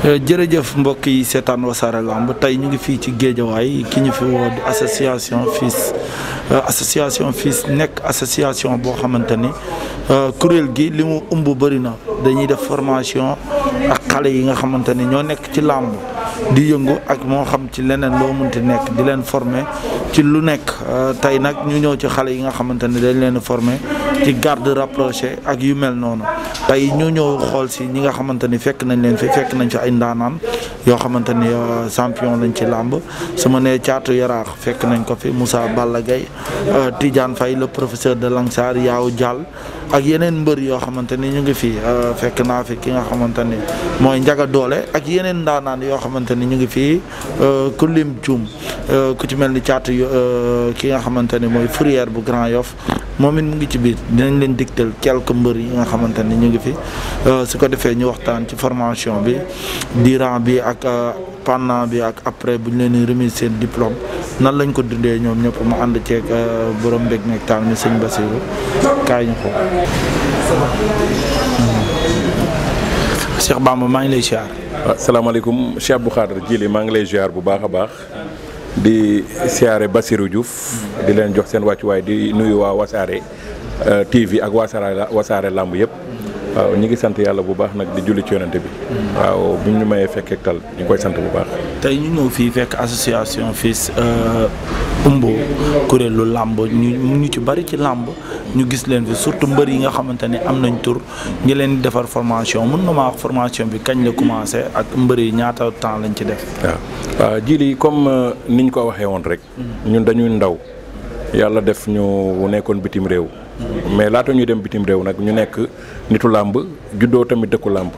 jërëjëf mbokk yi seetaan wasaare lamb tey ñu ngi fii ci géejawaay ki ñu fi woo di association fis euh, association fis nekk association boo xamante ni euh, kuréel gi li mu ëmb bëri na dañuy def formation ak xale yi nga xamante ni ñoo nekk ci làmb di yëngu ak moo xam ci leneen loo munti nekk di leen former ci lu nekk euh, tey nag ñu ñëw ci xale yi nga xamante ni dañ leen former ci garde rapproché ak yu mel noonu tey ñu ñëw xool si ñi nga xamante ni fekk nañ leen fi fekk nañ fi ay ndaanaan yoo xamante ni euh, champion lañ ci làmb su ma nee caatu yaraax fekk nañ ko fi Moussa Balla Gaye euh, Tidiane Faye le professeur de Langsar Yaaw jàll ak yeneen mbër yoo xamante ni ñu ngi fi euh, fekk naa fi ki nga xamante ni mooy njaga doole ak yeneen ndaanaan yoo xamante ni ñu ngi fii ku lim juum ku ci mel ni caatu ki nga xamante ni mooy fourrière bu Grand Yoff moom it mu ngi ci biir dinañ leen digtal quelques mbër yi nga xamante ne ñu ngi fi euh, su ko defee ñu waxtaan ci formation bi durant bi ak euh, pendant bi ak après bu ñu leen di remise seen diplôme nan lañ ko dundee ñoom ñëpp mu ànd ceeg euh, borom mbég nekk taal mi sëñ Basiru kaay ñu ko. Cheikh Bamba maa ngi lay ziar. waaw salaamaaleykum Cheikh Abdou Khadre Jili maa ngi lay ziar bu baax a baax. di siyaare bassiru Diouf di leen jox seen wàccuwaay di nuyu waa Wasaare euh, TV ak wasaare wasaare làmb yëpp. waaw ñi ngi sant yàlla bu baax nag di julli ci yonante bi. waaw bu ñu mayee fekkee tal ñu koy sant bu baax. tey ñu ñëw fii fekk association FILS ëmbo euh, kuréelu làmb ñu ci bari ci làmb ñu gis leen surtout mbër yi nga xamante ne am nañ tur ñu leen defar formation mën nga ma wax formation bi kañ la commencé ak mbër yi ñaata temps lañ ci def. waaw waaw jii comme euh, niñ ko waxee woon rek. Hmm. ñun dañuy ndaw yàlla def ñu nekkoon bitim réew. mais laata ñuy dem bitim réew nag ñu nekk nitu làmb juddoo tamit dëkku làmb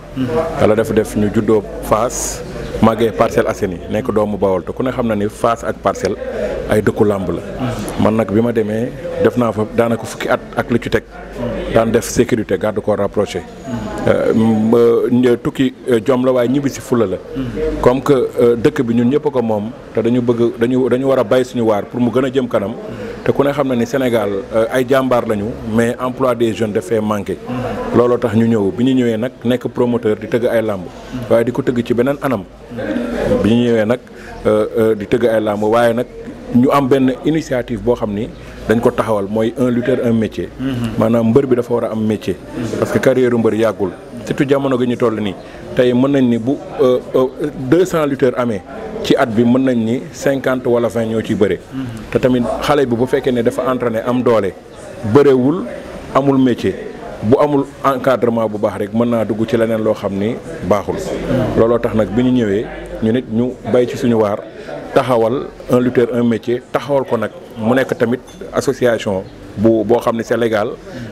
yàlla dafa def ñu juddoo Fass màggee Parcelles Assainies nekk doomu Bawol te ku ne xam na ni faas ak Parcelles ay dëkku làmb la man nag bi ma demee def naa fa daanaka fukki at ak lu ci teg daan def sécurité garde corps rapproché euh, tukki euh, jom la waaye ñibbi si fula la comme que euh, dëkk bi ñun ñëpp ko moom te dañu bëgg dañu dañu war a bay suñu waar pour mu gën a jëm kanam te ku ne xam na ni Sénégal euh, ay jàmbaar lañu mais emploi des jeunes dafay manqué. looloo tax ñu ñëw bu ñu ñëwee nag nekk promoteur di tëgg ay làmb. waaye di ko tëgg ci beneen anam. bi ñu ñëwee nag euh, euh, di tëgg ay làmb waaye nag ñu am benn initiative boo xam ni dañ ko taxawal mooy un lutteur un métier. Mm-hmm. maanaam mbër bi dafa war a am métier. parce que carrière mbër yàggul. surtout jamono gi ñu toll nii tey mën nañ ni bu 200 euh, euh, lutteurs amee ci at bi mën nañ ni cinquante wala vingt ñoo ci bëre. te tamit xale bi bu fekkee ne dafa entraîné am doole bërewul amul métier bu amul encadrement bu baax rek mën naa dugg ci leneen loo xam ni baaxul. looloo tax nag bi ñu ñëwee ñu nit ñu bay ci suñu waar taxawal un lutteur un métier taxawal ko nag mu nekk tamit association. bu boo xam ne sénégal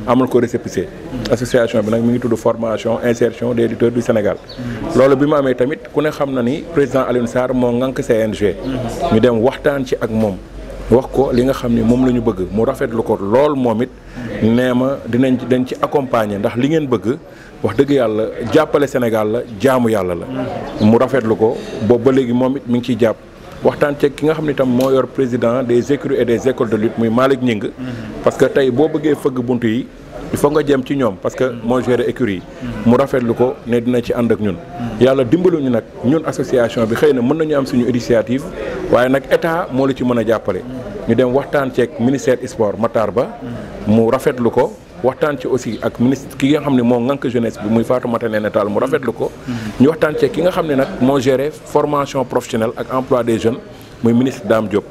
amul ko récépissé association bi nag mu ngi tudd formation insertion des éditeurs du Sénégal loolu bi mu amee tamit ku ne xam na ni président Alioune Sarr moo ŋànk eng ñu dem waxtaan ci ak moom wax ko li nga xam ne moom la ñu bëgg mu rafetlu ko lool moom it nee ma dinañ den ci accompagner ndax li ngeen bëgg wax dëgg yàlla jàppale Sénégal la jaamu yàlla la mu rafetlu ko boobu ba léegi moom it mu ngi ciy jàpp waxtaan ceeg ki nga xam ni itam moo yor président des écuries et des écoles de lutte muy Malick Gningue mhm. parce que tey boo bëggee fëgg bunt yi il nga jëm ci ñoom parce que mhm. moo géré écurie yi mhm. mu rafetlu ko ne dina ci ànd ak ñun yàlla dimbaluñu nag ñun association bi xëy na mën nañu am suñu initiative waaye nag état moo la ci mën a jàppale ñu dem waxtaan ceeg ministère sport Matar Ba mu rafetlu ko waxtaan ci aussi ak ministre ki nga xam ne moo ŋànk jeunesse bi muy Fatoumata Néné Tall mu rafetlu ko. ñu waxtaan ci ki nga xam ne nag moo géré formation professionnelle ak emploi des jeunes muy ministre Dame Diop.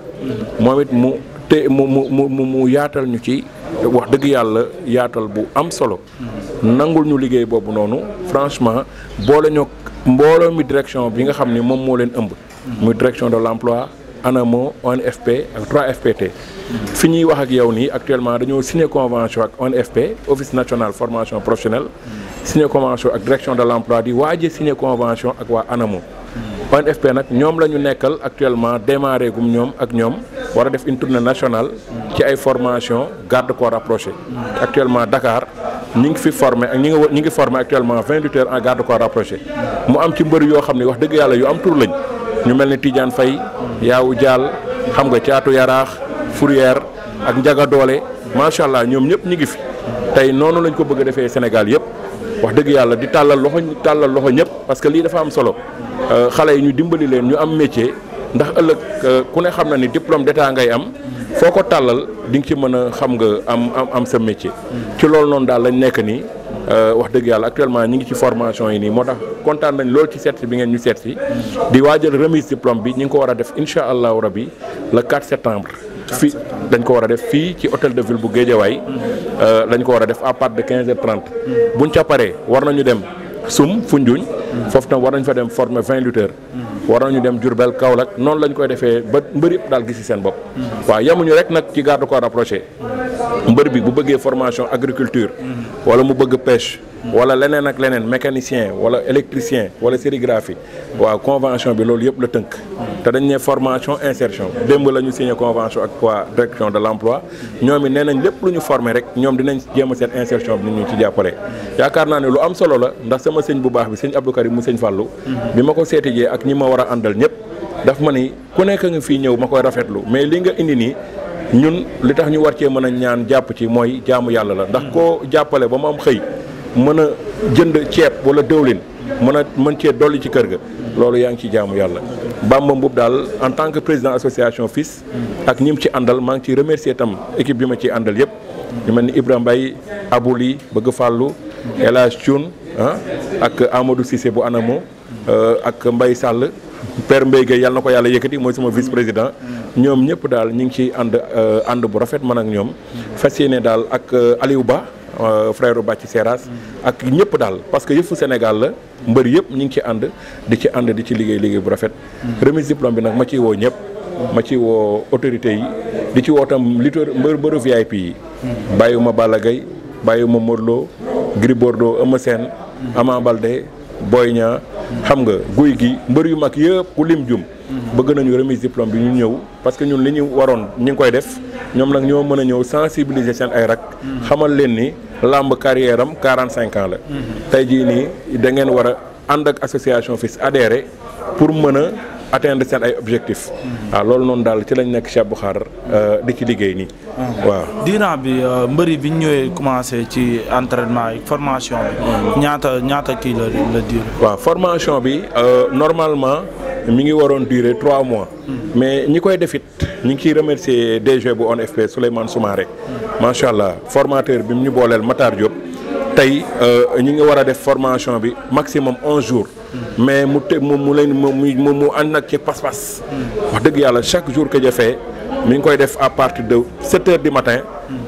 moom it mu te mu mu mu mu yaatal ñu ci wax dëgg yàlla yaatal bu am solo. nangul ñu liggéey boobu noonu franchement boole ñoo mbooloo mi direction bi nga xam ne moom moo leen ëmb. muy direction de l'emploi. ANAMO ONFP ak 3FPT. fi ñuy wax ak yow nii actuellement dañoo signé convention ak ONFP office national formation professionnelle. signé convention ak direction de l' emploi di waaje signé convention ak waa ANAMO. ONFP nag ñoom la ñu nekkal actuellement démarré gum ñoom ak ñoom war a def une tournée nationale. ci ay formation garde corps rapproché. actuellement Dakar ñi ngi fi formé ak ñi ngi ñi ngi formé actuellement vingt lutteurs en garde corps rapproché. mu am ci mbër yoo xam ne wax dëgg yàlla yu am tur lañ. ñu mel ni Tidiane Faye yaawu Dial xam nga caatu yaraax Fourière ak Njaga Doole macha allah ñoom ñëpp ñu ngi fi tey noonu lañ ko bëgg a defee Sénégal yëpp wax dëgg yàlla di tàllal loxo tàllal loxo ñëpp parce que lii dafa am solo euh, xale yi ñu dimbali leen ñu am métier ndax ëllëg euh, ku ne xam na ni diplôme d'état ngay am foo ko tàllal dinga ci mën a xam nga am am sa métier. ci loolu noonu daal lañ nekk nii. Euh, wax dëgg yàlla actuellement ñi ngi ci formation yi nii moo tax kontaan nañ loolu ci seet si bi ngeen ñu seet si di waajal remise diplôme bi ñi ngi ko war a def incha allahu rabi le 4 septembre. fii dañ ko war a def fii ci hôtel de ville bu Guédiawaye dañ euh, ko war a def à partir de 15 heures 30 buñ ca paree war nañu dem Sum Foundiougne. foofu tam war nañ fa dem former 20 lutteurs. war nañu dem kaw Kaolack noonu lañ koy defee ba mbëri yëpp daal gis seen bopp. waaw yemuñu rek nag ci garde corps rapproché. mbër bi bu bëggee formation agriculture. wala mu bëgg pêche. wala leneen ak leneen mécanicien wala électricien wala sérigraphie. waaw convention bi loolu yëpp la tënk. te dañ ne formation insertion démb la ñu signé convention ak waa direction de l' emploi. ñoom it nee nañ lépp lu ñu formé rek ñoom dinañ jéem a seen insertion bi ni ñu ci jàppale. yaakaar naa ne lu am solo la ndax sama sëñ bu baax bi sëñ Abdou Karim mu sëñ Fallou. bi ma ko seetijee ak ñi ma war a àndal ñëpp. daf ma ni ku nekk nga fii ñëw ma koy rafetlu mais li nga indi nii. ñun li tax ñu war cee mën a ñaan jàpp ci mooy jaamu yàlla la ndax koo jàppale ba mu am xëy mën a jënd ceeb wala dëwlin mën a mën cee dolli ci kër ga loolu yaa ngi ci jaamu yàlla Bamba Mboup daal en tant que président association fis ak ñi mu ci àndal maa ngi ciy remercier tam équipe bi ma ciy àndal yëpp ñu mel ni ibra mbay Mbaye Abouli Bëgg Fàllu El Hadj ah ak Amadou Cissé bu Anamo euh, ak mbay sàll per Mbaye Gueye yàlla na ko yàlla yëkkati mooy sama vice président ñoom ñëpp daal ñu ngi ciy ànd euh, ànd bu rafet man ak ñoom fas yéene daal ak euh, Aliou Ba euh, frère Ba ci Seras ak ñëpp daal parce que yëfu Sénégal la mbër yëpp ñu ngi ci ànd di ci ànd di ci liggéey liggéey bu rafet remise diplôme bi nag ma ciy woo ñëpp ma ci woo autorité yi di ci woo tam lutteur mbër mbëru VIP yi bàyyiwuma ma Gaye bàyyiwuma ma Lo Gris Bordeaux Eumeu Sène Ama Baldé Boy Niang xam nga guy gi mbër yu mag yëpp ku lim jum bëgg nañu remise diplôme bi ñu ñëw parce que ñun li ñu waroon ñu ngi koy def ñoom nag ñoo mën a ñëw sensibiliser seen ay rak xamal leen ni làmb carrière am quarante cinq la mhm. tey jii nii da ngeen a ànd ak association FILS adhéré pour mën atteindre seen ay objectifs. Mhm. waaw loolu noonu daal ci lañu nekk Cheikh Boukhar euh, di ci liggéey nii. Mhm. waaw diiran bi euh, mbëri bi ñu ñëwee commencé ci entraînement yi formation mhm. ñaata ñaata kii la la durée. formation bi euh, normalement mi ngi waroon durer trois mois. mais ñi koy defit ñu ngi ciy remercier DG bu ONFP Souleymane Soumaré. macha allah formateur bi mu ñu booleel Matar Diop. tey ñu ngi war a def formation bi maximum 11 jours. mais mu te mu mu leen mu mu ànd nag ci pas-pas. wax dëgg yàlla chaque jour que jafee mi ngi koy def à partir de 7 heures du matin.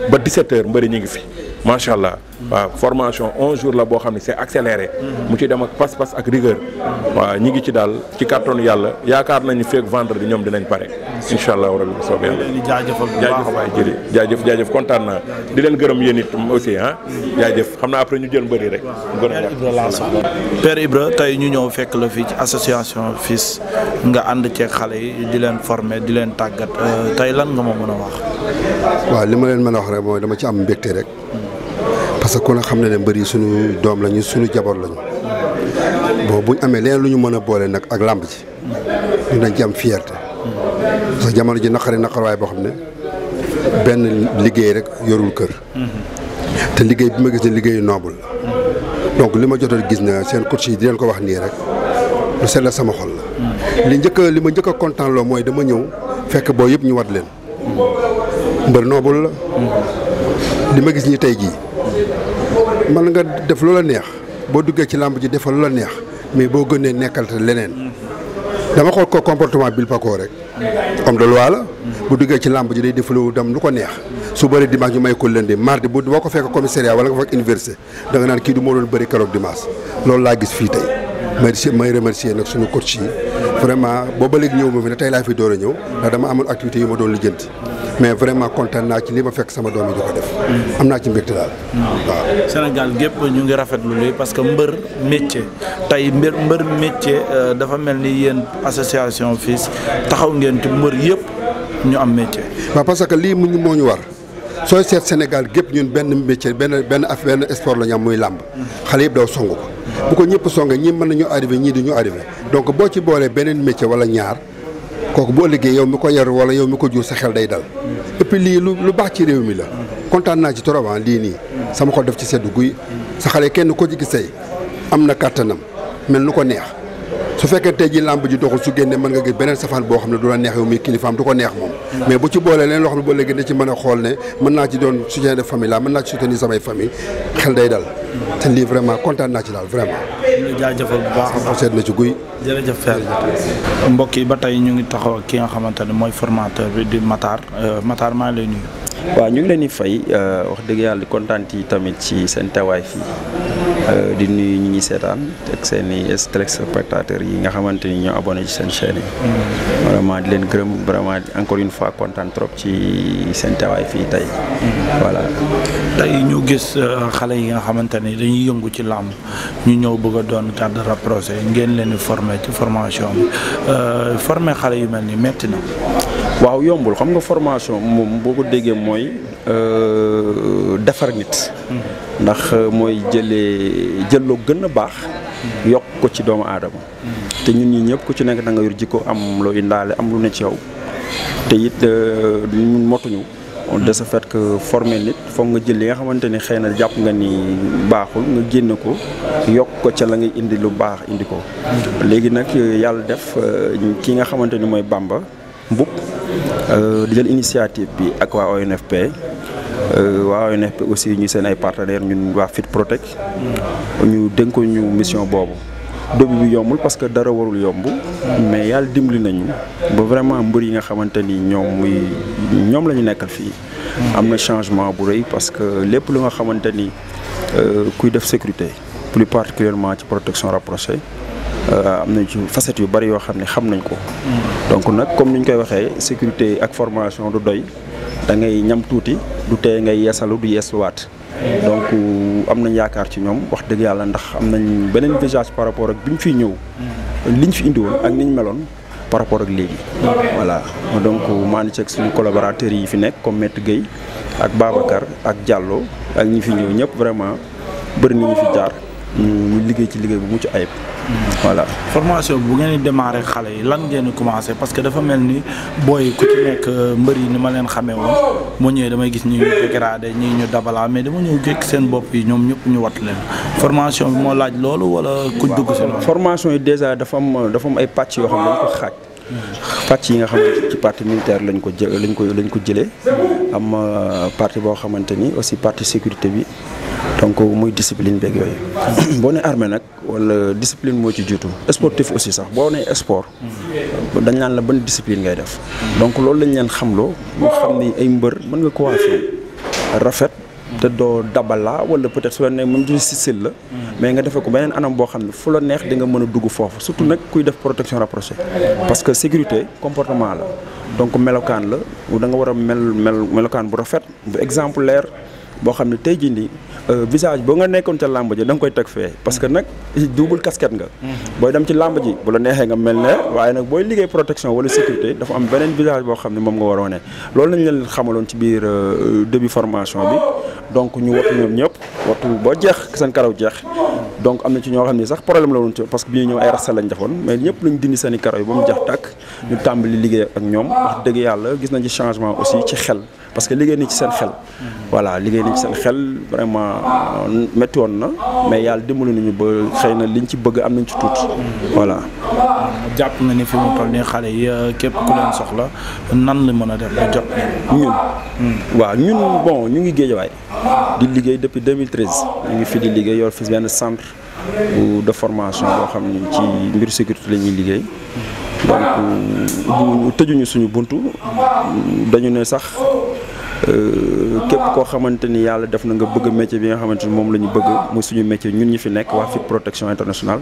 ba 17 heures mbëri ñu ngi fi macha allah. waaw formation 11 jours la boo xam ne c'est accéléré. mu ci dem ak pas-pas ak rigueur. waaw ñi ngi ci daal ci kàttanu yàlla yaakaar nañu feeg vendredi ñoom dinañ pare. incha allah rabi bu soobee yàlla. jaajëfal bu baax jaajëf jaajëf kontaan naa di leen gërëm yéen it aussi ah. jaajëf xam naa après ñu jël bëri rek. Père Ibra tey ñu ñëw fekk la fii ci association FILS nga ànd ceeg xale yi di leen former di leen tàggat euh, tey lan nga ma mën a wax. waa li ma leen mën a wax rek mooy dama ci am mbégte rek. parce que ku ne xam na ne mbër suñu doom lañu suñu jaboot lañu bon buñ amee leen lu ñu mën a boole nag ak làmb ji ñu nañ ci am fierté parce jamono ji naqari naqarwaay boo xam ne benn liggéey rek yorul kër te liggéey bi ma gis ne liggéeyu noobul la donc li ma jotal gis na seen coach yi di leen ko wax nii rek lu set la sama xol la li njëkk li ma njëkk a mooy dama ñëw fekk boo yëpp ñu wat leen mbër noobul la li ma gis ñi tey jii mën nga def la neex boo duggee ci làmb ji defal la neex mais boo gënee nekkal te leneen dama xool ko comportement Bill Paco rek homme de loi bu duggee ci làmb ji day defalu dem lu ko neex su bëree dimanche ñu may ko lundi mardi bu boo ko fekk commissariat wala nga fekk université da nga naan kii du moo doon bëri keroog dimanche loolu laa gis fii tey merci may remercier nag suñu coach yi vraiment boobu léegi ñëw ma fi ne tey laa fi door a ñëw ndax dama activité yu ma doon lijjanti mais vraiment kontaan naa ci li ma fekk sama doom yi di ko def. am naa ci mbégte daal. waaw Sénégal gépp ñu ngi lu lii parce que mbër métier tey mbër mbër métier euh, dafa mel ni yéen association FILS taxaw ngeen ci mbër yëpp ñu am métier. waa parce que lii mu moo ñu war. sooy seet Sénégal gépp ñun benn métier benn benn af benn sport la ñu am muy làmb xale yëpp daw song ko bu ko ñëpp songee ñi mën nañu arrivé ñii di ñu arrivé donc boo ci boolee beneen métier wala ñaar. kooku boo liggéey yow mi ko yar wala yow mi ko jur sa xel day dal et lii lu lu baax ci réew mi la kontaan naa ci trop ah lii nii sama xol def ci seddu guy sa xale kenn ko ci gis tey am na kàttanam mel nu ko neex su fekkee tey ji làmb ji doxul su génnee mën nga gis beneen safaan boo xam ne du la neex yow muy kilifaam du ko neex moom mm-hmm. mais bu ci boolee leen loo xam ne boo léegi da ci mën a xool ne mën naa ci doon soutien de famille la mën naa ci soutenir samay famille xel day dal mm-hmm. te lii vraiment kontaan naa ci daal vraiment jaajëfal bu baax a baax seet guy jërëjëf Fer mbokk yi ba tey ñu ngi taxaw ki nga xamante ne mooy formateur bi di Matar euh, Matar maa ngi waaw ñu ngi leen di fay euh, wax dëgg yàlla kontaan yi tamit ci seen tewaay fii euh, di nuyu ñi ñuy seetaan ak seen i téléspectateurs yi nga xamante ni ñoo abonné seen chaîne yi. Mm-hmm. vraiment di leen gërëm vraiment encore une fois ci seen teewaay fii tey. Mm-hmm. voilà tey ñu euh, xale yi nga xamante ni dañuy yëngu ci làmb ñu ñëw bëgg a doon cadre de rapproché ngeen leen forme ci formation bi formé xale yu mel ni metti na. waaw yombul xam nga formation moom boo ko déggee mooy euh, defar nit ndax euh, mooy jële jëlee jëlloo gën a baax yokk ko ci doomu aadama te ñun ñi ñëpp ku ci nekk da nga yor jikko am loo indaale am lu ne ci yow te it euh, ñun motuñu de ce fait que formé nit foog nga jël li nga xamante ni xëy na jàpp nga ni baaxul nga génn ko yokk ko ca la ngay indi lu baax indi ko léegi nag yàlla def ki nga xamante ni mooy Bamba Mboup euh, di jël initiative bi ak waa ONFP euh, waa ONFP aussi ñu seen ay partenaires ñun waa Fit Protect ñu dénk ko ñu mission boobu début bi yombul parce que dara warul yomb mais yàlla dimbali nañu ba vraiment mbër yi nga xamante ni ñoom muy ñoom la ñu nekkal fii am na changement bu rëy parce que lépp lu nga xamante ni euh, kuy def sécurité plus particulièrement ci protection rapprochée Euh, am na ci facette yu bari yoo xam ne xam nañ ko. donc nag comme ni ñu koy waxee sécurité ak formation du doy da ngay ñam tuuti du tee ngay yeesalu du yeesluwaat. donc euh, am nañ yaakaar ci ñoom wax dëgg yàlla ndax am nañ beneen visage par rapport ak bi ñu fiy ñëw. li ñu fi indi woon ak ñu meloon. par rapport ak léegi. voilà donc euh, maa ngi ceeg suñu collaborateurs yi fi nekk comme Maître géey ak Babacar ak jàlloo ak ñi fi ñëw ñëpp vraiment bëri na ñu fi jaar. ñu liggéey ci liggéey bu mucc ayib. voilà formation bu ngeen di xale yi lan ngeen di commencé parce que dafa mel ni booy ku ci nekk euh, mbër yi ni ma leen xamee woon moo ñëwee damay gis ñi ñu dégradé ñi ñu dabalaa mais dama ñëw jékki seen bopp yi ñoom ñëpp ñu wat leen formation bi moo laaj loolu wala. ku dugg si loolu. formation yi dèjà dafa am dafa am ay pàcc yoo xam ne dañ xaaj. pàcc yi nga xamante ci parti militaire lañ ko jë lañ ko lañ ko jëlee am euh, parti boo xamante ni aussi parti sécurité bi donc muy discipline beeg yooyu. boo ne armee nag wala disipline moo ci jiitu sportif aussi sax boo ne sport. dañ naan la ban discipline ngay def. donc loolu lañ leen xamloo. nga xam ni ay mbër mën nga ko rafet. te doo dabala wala peut-être su la ne même du style la mais nga defee ko beneen anam boo xam ne fu la neex di mën a dugg foofu surtout nag kuy def protection rapprochée parce que sécurité comportement la donc melokaan la da nga war a mel mel melokaan bu rafet bu exemplaire boo xam ne tey jii nii euh, visage boo nga nekkoon ca làmb ji da nga koy teg fee parce que nag double casquette nga booy dem ci làmb ji bu la neexee nga mel ne waaye nag booy liggéey protection wala sécurité dafa am beneen visage boo xam ne moom nga waroone loolu lañ leen xamaloon ci biir euh, début formation bi donc ñu wattu ñëpp wattu ba jeex seen karaw jeex donc am na ci ñoo xam ne sax problème la woon parce que bi ñu ñëw ay rasta lañ defoon mais ñëpp seen i karaw ñu tàmbali liggéey ak ñoom wax dëgg yàlla gis nañ ci changement aussi ci xel parce que liggéey nañ ci seen xel voilà liggéey ni ci seen xel vraiment euh, métti na mais yàlla dimbali nañu ba xëy na liñ ci bëgg am nañ ci tuut voilà jàpp nañu fi mu toll ne xale yi euh, képp ku leen soxla nan la mën a def ba jot ñun hmm. waaw ñun bon ñu ngi géejawaay di liggéey depuis 2013 ñu ngi fi di liggéey yor fi benn centre de formation boo xam ni ci mbiru sécurité la ñuy liggéey donc euh, tëjuñu suñu bunt dañu ne sax euh, képp koo xamante ni yàlla def na nga bëgg métier bi nga xamante ni moom la ñu bëgg muy suñu métier ñun ñi fi nekk waa FIP protection internationale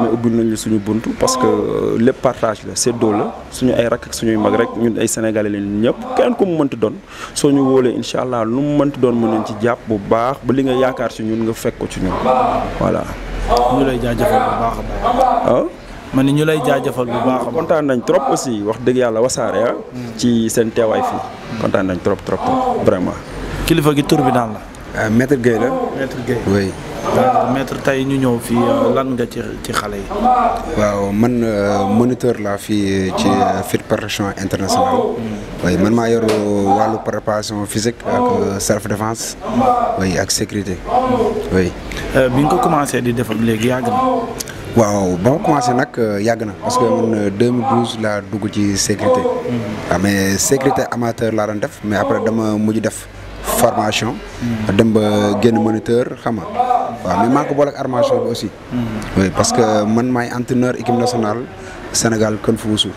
mais ubbil nañu suñu bunt parce que euh, lépp partage la séddoo la suñu ay rakk ak suñuy mag rek ñun ay sénégalais lañu ñëpp kenn ku mu mënti doon soo ñu woolee incha allah lu mu mënti doon mën nañ ci jàpp bu baax ba li nga yaakaar ci ñun nga fekk ko ci ñun voilà. ñu lay jaajëfal bu baax. ma ni ñu lay jaajëfal bu baax a kontaan nañ trop aussi wax dëgg yàlla wasaare ah. ci seen teewaay fii. kontaan nañ trop trop trop vraiment. kilifa gi tur bi naan la. ah maître Guèye la. maître Guèye oui. Ah, tey ñu ñëw fii ah, lan nga ci ci xale yi. waaw man euh, moniteur laa fii euh, ci euh, fit préparation internationale. waaye mm. man maa yor wàllu préparation physique ak self défense. oui ak sécurité. Mm. oui. bi nga ko commencé di def léegi yàgg na. waaw ba ma commencé nag euh, yàgg na parce que oh. man 2012 euh, laa dugg ci sécurité. waaw mm-hmm. ah, mais sécurité amateur laa doon def mais après dama mujj def formation. Mm-hmm. dem ba génn moniteur xam nga waaw mais maa ko boole ak armation bi aussi. Mm-hmm. oui parce que man maay entraîneur équipe nationale Sénégal Kën Fu Wusu.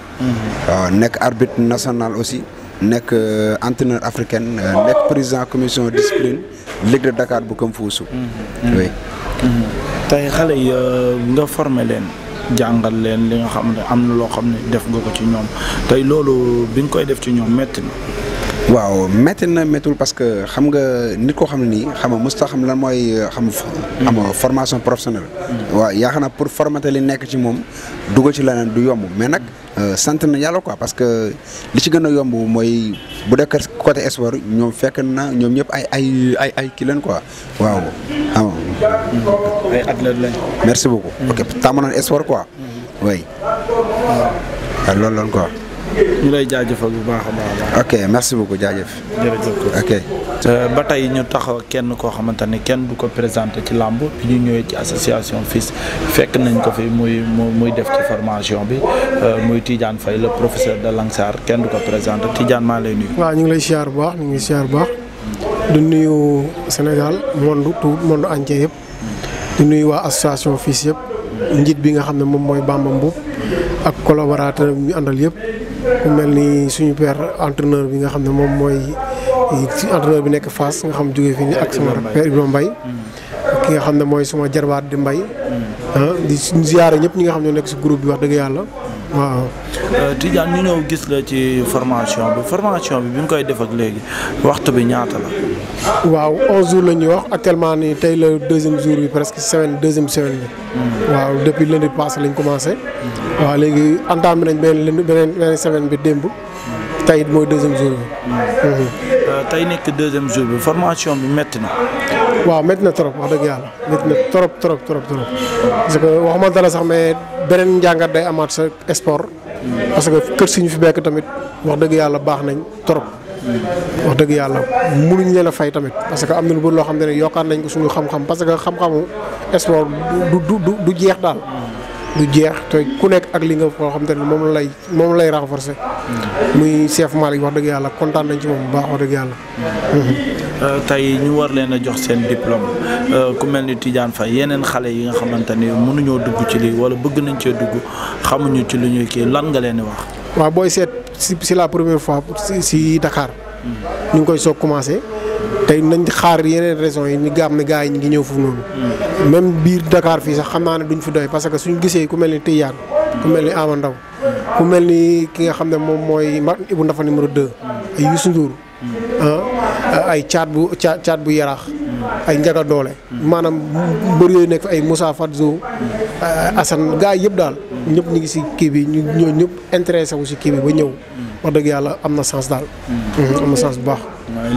waaw nekk arbitre national aussi. nekk euh, entraîneur africaine nekk président commission discipline Ligue de Dakar bu Kën Fu tey xale yi euh, nga former leen jàngal leen li nga xam ne am na loo xam ne def nga ko ci ñoom tey loolu bi nga koy def ci ñoom metti na waaw métti na méttul parce que xam nga nit koo xam ne nii xam nga musta xam lan mooy xam nga formation professionnelle. Mm. waaw yaakaar na pour formate li nekk ci moom dugal ci leneen du yomb mais nag euh, sant na yàlla quoi parce que li ci gën a yomb mooy bu dee côté espoir ñoom fekk na ñoom ñëpp ay ay ay ay kii leen quoi waaw. am mm. ay merci beaucoup. ok tàmm nañ espoir quoi. Mm-hmm. oui. waaw ah, loolu loolu quoi. ñu lay jaajëfal bu baax a baax. ok merci beaucoup jaajëf. jërëjëf ok. Euh, ba tey ñu taxaw kenn koo xamante ne kenn du ko présenté ci làmb bi ñu ñëwee ci association FILS fekk nañ ko fi muy muy def ci formation bi euh, muy Tidiane Faye le professeur de Langsar kenn du ko présenté Tidiane maa lay nuyu. waa ñu ngi lay siyaar bu baax ñu ngi siyaar bu baax. di nuyu Sénégal monde tout monde entier yëpp. di nuyu waa association FILS yëpp. njiit bi nga xam ne moom mooy Bamba Mbuub ak collaborateur ñu àndal yëpp. ku mel ni suñu père entraîneur bi nga xam ne moom mooy entraîneur bi nekk Fass nga xam jóge fi ni ak sama père Ibrahima Mbaye hmm. ki nga xam ne mooy suma jarbaat di Mbaye hmm. ah, di suñ ziyaare ñëpp ñi nga xam ne nekk si groupe bi wax dëgg yàlla hmm. waaw. Euh, Tidiane ñu ñëw gis la ci formation bi formation bi bi nga koy def ak léegi waxtu bi ñaata la. waaw onze jours la ñuy wax actuellement nii tey la deuxième jour bi presque semaine deuxième semaine bi. waaw depuis lundi passé lañ commencé. waaw léegi entamé nañ benn lundi beneen semaine bi démb. tey mooy deuxième jour bi. Mhm. Euh, tey nekk deuxième jour bi formation bi métti na. waaw métti na trop wax dëgg yàlla métti na trop trop trop trop parce que waxuma dala sax mais beneen njàngat day amaat sa sport. parce que kër si ñu fi bekk tamit wax dëgg yàlla baax nañ trop. wax dëgg yàlla munuñ leen a fay tamit parce que am na lu bëri loo xam ne yokkaat nañ ko suñu xam-xam parce que xam-xamu sport du du du jeex daal. du jeex te ku nekk ak li nga koo xam ne moom lay moom lay renforcer. muy chef Malick wax dëgg yàlla kontaan nañ ci moom mu baax wax dëgg yàlla. Euh, tey ñu war leen a jox seen diplôme euh, ku mel ni Tidiane Faye yeneen xale yi nga xamante ni mënuñoo dugg ci lii wala bëgg nañ cee dugg xamuñu ci lu ñuy kii lan nga leen di wax. waaw booy seet c'est la première fois si si Dakar. ñu ngi koy soog commencé. tey nañ xaar yeneen raison yi nga xam ne gars yi ñu ngi ñëw foofu noonu. même biir Dakar fii sax xam naa ne duñ fi doy parce que suñ gisee ku mel ni Tiyaan. ku mel ni Ama Ndaw ku mel ni ki nga xam ne moom mooy Ibou Ndafa numéro 2. ay Youssou Ndour. Ah, ay caat bu caat bu yaraax. ay njaga doole. maanaam mbër nekk fi ay Moussa Fadzo. Euh, Assane gars yëpp daal. ñëpp ñu ngi si kii bi ñu ñoo ñëpp intéressé wu si kii bi ba ñëw. wax dëgg yàlla am na sens daal. Hmm. Hmm, am na sens baax.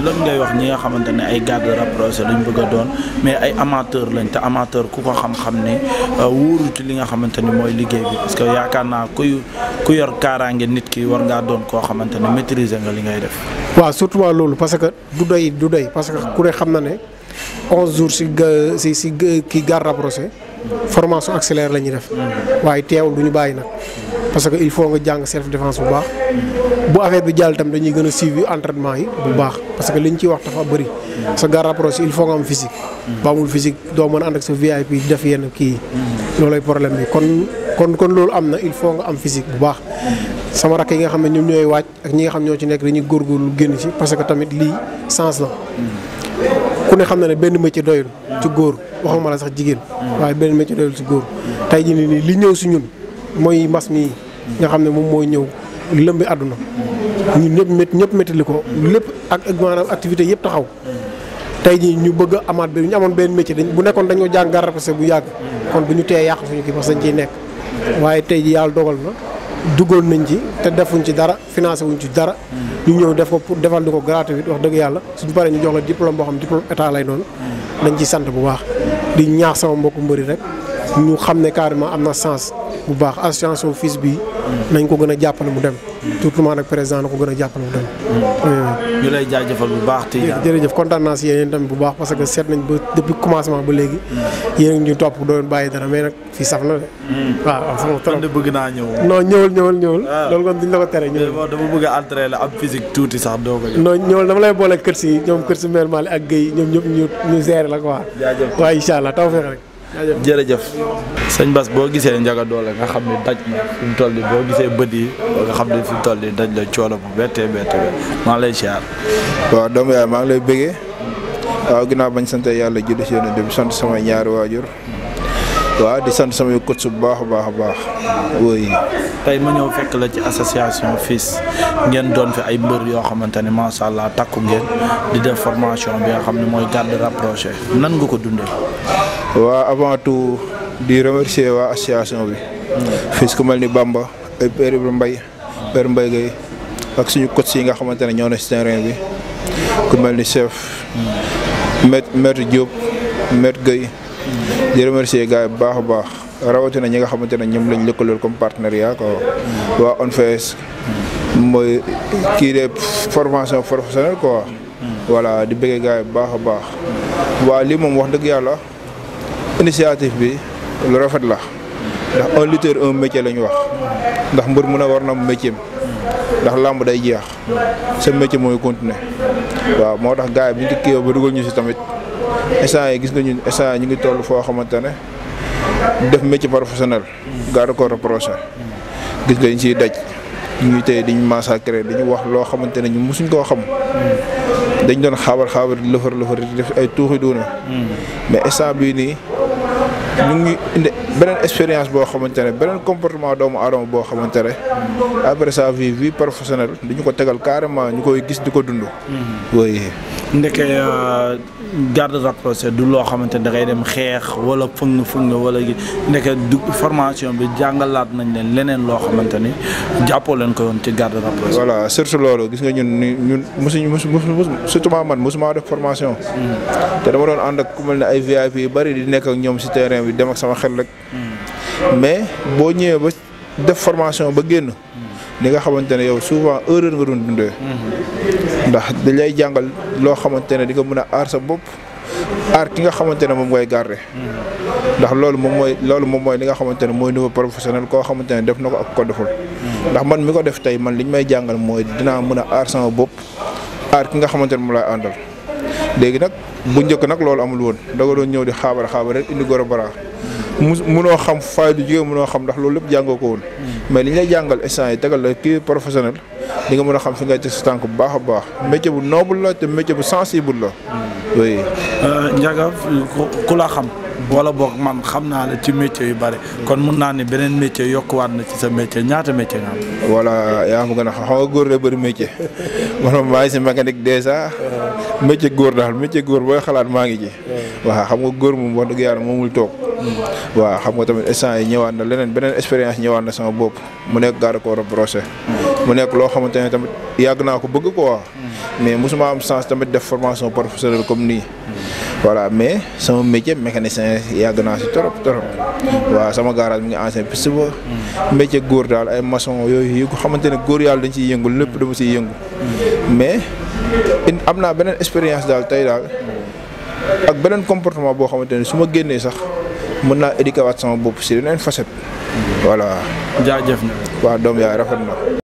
lan ngay wax ñi nga xamante ne ay garde rapprochée lañ bëgg a doon mais ay amateur lañ te amateur ku ko xam-xam ne euh, wóorul ci li nga xamante ni mooy liggéey bi parce que yaakaar naa kuy ku yor kaaraange nit ki war ngaa doon koo xamante ne maîtriser nga li ngay def. waaw surtout waa loolu parce que du doy du doy parce que ku ne xam na ne jours si ga si si kii garde formation accélérée la ñuy def waaye teewul du ñu bàyyi nag parce que il faut nga jàng self défense bu baax bu affaire bi jàll tam dañuy gën a suivi entraînement yi bu baax parce que ñu ciy wax dafa bëri sa garde rapprochée il faut nga am physique ba amul physique doo mën a ànd ak sa VIP di def yenn kii loolu loolay problème bi kon kon kon loolu am na il faut nga am physique bu baax sama rakk yi nga xam ne ñoom ñooy waaj ak ñi nga xam ñoo ci nekk dañuy góorgóorlu génn ci parce que tamit lii sens ku ne xam na ne benn métier doyul ci góor waxuma la sax jigéen waaye benn métier doyul ci góor tey jii nii li ñëw si ñun mooy mas mi nga xam ne moom mooy ñëw lëmbi àdduna ñun ñëpp métti ñëpp métti ko lépp ak ak maanaam activité yëpp taxaw tey jii ñu bëgg a amaat bi ñu benn métier dañ bu nekkoon dañoo jàng garrapase bu yàgg kon bu ñu tee yàq suñu kii parce que dañ ciy nekk waaye tey ji yàlla dogal na dugal nañ ci te defuñ ci dara financé wuñ ci dara ñu ñëw def ko pour defal di ko gratuit wax dëgg yàlla suñu paree ñu jox la diplôme boo xam diplôme état lay doon hmm. dañ ci sant bu baax di ñaax sama mbokku mbëri rek ñu xam ne carrément am na sens bu baax association fils bi nañ ko gën a jàppale mu dem ma nag président na ko gën a jàppale mu dem ñu lay jaajëfal bu baax te jërëjëf kontaan naa si yéen bu baax parce que seet nañ ba depuis commencement ba léegi yéen ñu topp doon bàyyi dara mais nag fii saf na de hmm. waaw saf na bëgg naa ñëw non ñëwal ñëwal ñëwal ah. loolu kon duñ la ko tere ñëwal dama bëgg a entraîner la am physique tuuti sax doo ko dama lay boole kër si ñoom kër si mère Mali ak Guèye ñoom ñëpp ñu ñu gérer la quoi waaw incha allah taw feex rek jërëjëf sëñ Bas boo gisee njaga doole nga xam ne daj na fi mu toll nii boo gisee bët yi nga xam ne fi mu toll nii daj la coono bu bettee bette maa ngi lay siyaar waaw doomu yaay maa ngi lay bëggee waaw ginnaaw bañ sant yàlla julli si yéen a dem sant sama ñaari waajur waaw di sant samay coach bu baax a baax baax wooyi. tey ma ñëw fekk la ci association FILS ngeen doon fi ay mbër yoo xamante ne macha allah takku ngeen di def formation bi nga xam ne mooy garde rapprochée nan nga ko dundee. waa avant tout di remercier waa association bi. Hmm. FILS ku mel ni Bamba ay eh, Père Ibrahima Mbaye Père ak suñu coach yi nga xamante ne ñoo ne si terrain bi ku mel ni chef. Hmm. maître maître Diop maître Gueye. Hmm. di remercier gars yi bu baax a baax rawatina ñi nga xamante ne ñoom lañ lëkkalool comme partenariat ko waa ONFS mooy kii de formation professionnelle quoi voilà di bëggee gars yi bu baax a baax waa lii moom wax dëgg yàlla initiative bi lu rafet la ndax un lutteur un métier la ñu wax ndax mbër mu ne war na am métier ndax làmb day jeex sa métier mooy continuer waaw moo tax gars yi bu ñu ci kii ba dugal ñu tamit instant yi gis nga ñun instant yi ñu ngi toll foo xamante ne def métier professionnel. garde corps reproché. gis nga ñu ciy daj ñu tey diñ massacré dañu wax loo xamante ne ñu musuñ koo xam. dañ doon xaabar xaabar di lëfër lëfër di def ay tuuxi duuna. mais instant bii nii ñu ngi indi beneen expérience boo xamante ne beneen comportement doomu aadama boo xamante ne. après sa vie vie professionnelle dañu ko tegal carrément ñu koy gis di ko dund. Mm-hmm. ndeke euh, garde rapproché du loo xamante da ngay dem xeex wala fëng fëng wala ndeke du formation bi jàngalaat nañ leen leneen loo xamante ni jàppoo leen ko woon ci garde rapproché. voilà surtout loolu gis nga ñun ñun mosuñu mosu mosu surtout man mosuma def formation. Mm-hmm. te dama doon ànd ak ku mel ne ay VIP yu bari di nekk ak ñoom si terrain bi dem ak sama xel rek. Mm-hmm. mais boo ñëwee ba def formation ba génn. li nga xamante ne yow souvent erreur nga doon dundee. Mhm. ndax dañ lay jàngal loo xamante ne di nga mën a aar sa bopp ar ki nga xamante ne moom ngay garder. Mhm. ndax loolu moom mooy loolu moom mooy li nga xamante ne mooy niveau professionnel koo xamante ne def na ko ak ko mhm. ndax man mi ko def tey man li may jàngal mooy dinaa mën a aar sama bopp aar ki nga xamante ne moom laay àndal. léegi nag bu njëkk nag loolu amul woon da doon ñëw di xaabar xaabar rek indi goro bara mu munoo xam faay du jógee munoo xam ndax loolu lépp jàngoo ko woon. Hmm. mais li ñu jàngal instant yi tegal la kii professionnel li nga mën a xam fi ngay teg sa tànk bu baax a baax métier bu noble la te métier bu sensible la. Hmm. oui. Euh, Ndiaga ku xam. wala boog man xam naa la ci métier yu bëri. Hmm. kon mun naa ne beneen métier yokkuwaat na ci sa métier ñaata métier nga am. voilà yaa ma gën a xam xam nga góor la bëri métier man maa ngi si mécanique dèjà. métier góor daal métier góor booy xalaat maa ngi ci. waaw xam nga góor moom wax dëgg yàlla moomul toog. waaw xam nga tamit instant yi ñëwaat na leneen beneen expérience ñëwaat na sama bopp mu nekk garde corps rapproché mu nekk loo xamante ne tamit yàgg naa ko bëgg quoi mais mosuma am chance tamit def formation professionnelle comme nii voilà mais sama métier mécanicien yàgg naa si trop trop waaw sama garage mi ngi ancien piste ba métier góor daal ay maçon yooyu yu ko xamante ne góor yàlla dañ ciy yëngu lépp dama si yëngu mais am naa beneen expérience daal tey daal ak beneen comportement boo xamante ne su ma génnee sax mën naa éduquer waat sama bopp si leneen facette. voilà. jaajëf na. waa doom yaa rafet na.